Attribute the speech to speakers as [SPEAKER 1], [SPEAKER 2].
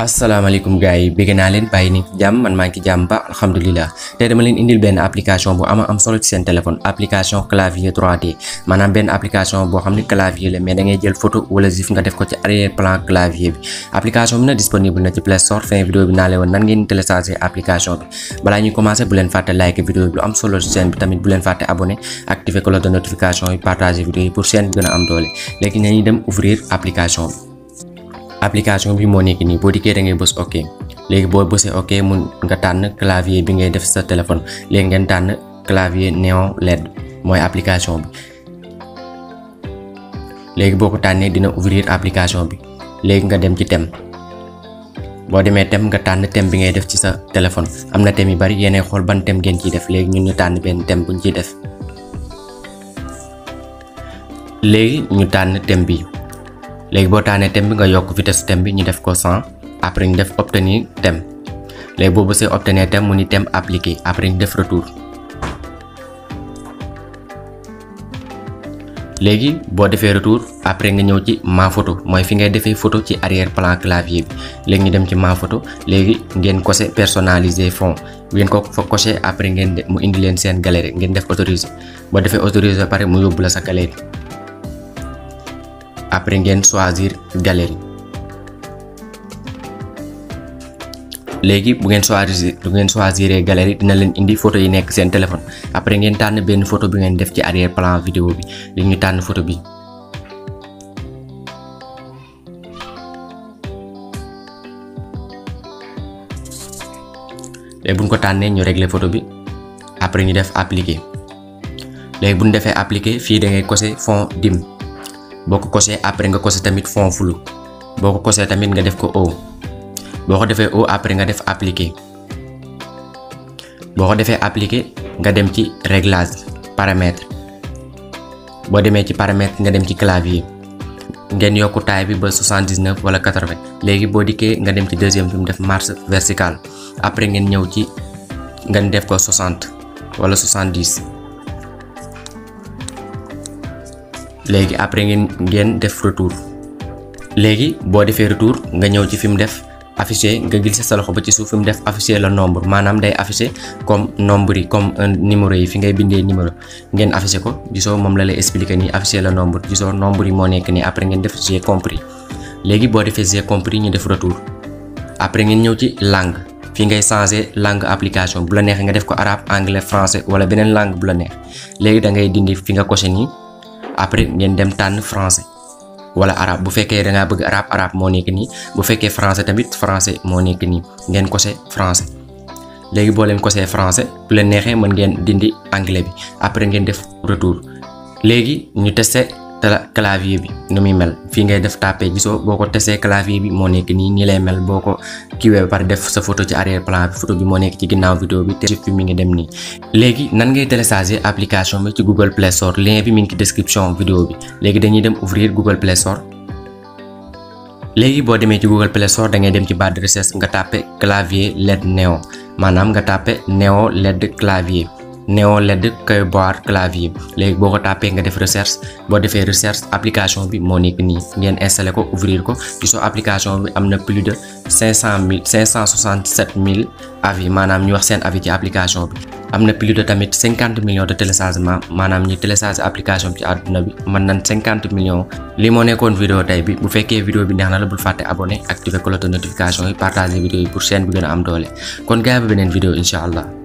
[SPEAKER 1] asalaamaaleykum gars yi bégg naa leen bàyyi ni jàmm man maa ngi jàmm ba alhamdulilah tey dama leen indil benn application bu am solo ci seen téléphone application clavier 3D maanaam benn application boo xam ne clavier la mais da ngay jël photo wala gif nga def ko ci arrière plan clavier bi application bi naa leen woon nan ngeen télécharger application bi balaa ñuy commencer bu fàtte like vidéo bi lu am solo ci seen bi tamit bu leen fàtte abonné activer cloche de notification yi am doole léegi nañuy dem application bi moo nekk nii boo dikkee da ngay boss ok oke. Munt bossé ok mu nga tan clavier bi ngay def sa téléphone léegi ngén tan clavier néon led moy application bi legi boko tané dina ouvrir application bi legi nga dem ci thème bo tem thème nga tan thème bi ngay def ci sa téléphone amna thème bari yéné xol ban thème ngeen ci def legi ñun ñu tan ben thème buñ ci def legi ñu tan thème bi léegi boo taanee thème bi nga yokk vitesse thème bi ñu def ko 100 après ñu def obtenir thème léegi boo bësee obtenir thème mu ni thème appliqué après ñu def retour léegi boo defee retour après nga ñëw ci ma photo mooy fi ngay defee photo ci arrière plan clavier bi léegi ñu dem ci ma photo léegi ngeen coché personnaliser fond ngeen ko fa coché après ngeen mu indi leen seen galerie ngeen def autoriser boo defee autoriser pare mu yóbbu la sa galerie après ngeen choisir galerie léegi bu ngeen choisir bu ngeen choisir galerie dina leen indi photo yi nekk seen téléphone après ngeen tànn benn photo bi ngeen def ci arrière plan vidéo bi li ñu tànn photo bi léegi bu ñu ko tànnee ñu régler photo bi après ñu def appliquer léegi bu ñu defee appliquer fii dangay ngay cocher fond boo ko kosee après nga kose tamit fond boo ko kosee tamit nga def ko O boo ko defee O après nga def appliquer boo ko defee appliquer nga dem ci réglage paramètre boo demee ci paramètre nga dem ci clavier ngeen yokku taille bi ba 79 wala 80 léegi boo dikkee nga dem ci deuxième bi mu def marche verticale après ngeen ñëw ci ngeen def ko 60 wala 70 legi après ngeen ngeen def retour legi bo defee retour nga ñew ci fim def afficher nga gil sa loxo ba ci suuf fim def afficher le nombre manam day afficher comme nombre yi comme numéro yi fi ngay bindé numéro ngeen afficher ko gisoo mom la lay expliquer ni afficher le nombre gisoo nombre yi mo nek ni après ngeen def j'ai compris legi bo defee j'ai compris ñu def retour après ngeen ñew ci langue fi ngay changer langue application bu la neex nga def ko arabe anglais français wala benen langue bu la neex legi da ngay dindi fi nga cocher ni après ñen dem tan français wala arab bu fekkee da nga bëgg arab arab mo nekk ni bu fekkee français tamit français moo nekk nii ngeen sé français légui bo leen sé français bu leen nexé mën ngeen dindi anglais bi après ngeen def retour légui ñu testé clavier bi nu muy mel fi ngay def tapé gisoo boo ko tesee clavier bi moo nekk nii nii lay mel boo ko kiiwee par def sa photo ci arrière plan bi photo bi moo nekk ci ginnaaw vidéo bi te fi mi ngi dem nii léegi nan ngay télécharger application bi ci Google Play Store lien bi mu ngi ci description vidéo bi léegi dañuy dem ouvrir Google Play Store léegi boo demee ci Google Play Store da ngay dem ci barre de recherche nga tapé clavier led neo maanaam nga tapé neo led clavier néon led koy clavier léegi boo ko tàppee nga def recherche boo defee recherche application bi moo nekk nii ngeen installé ko ouvrir ko gisoo application bi am na plus de cinq cent mille cinq cent soixante mille avis maanaam ñu wax seen avis ci application bi am na plus de tamit cinquante millions de téléchargement maanaam ñi télécharge application bi ci àdduna bi mën nañ cinquante millions li moo nekkoon vidéo tey bi bu fekkee vidéo bi neex na la bul fàtte abonné activer cloche de notification yi partager vidéo yi pour chaîne bi gën a am doole kon gaay ba beneen vidéo incha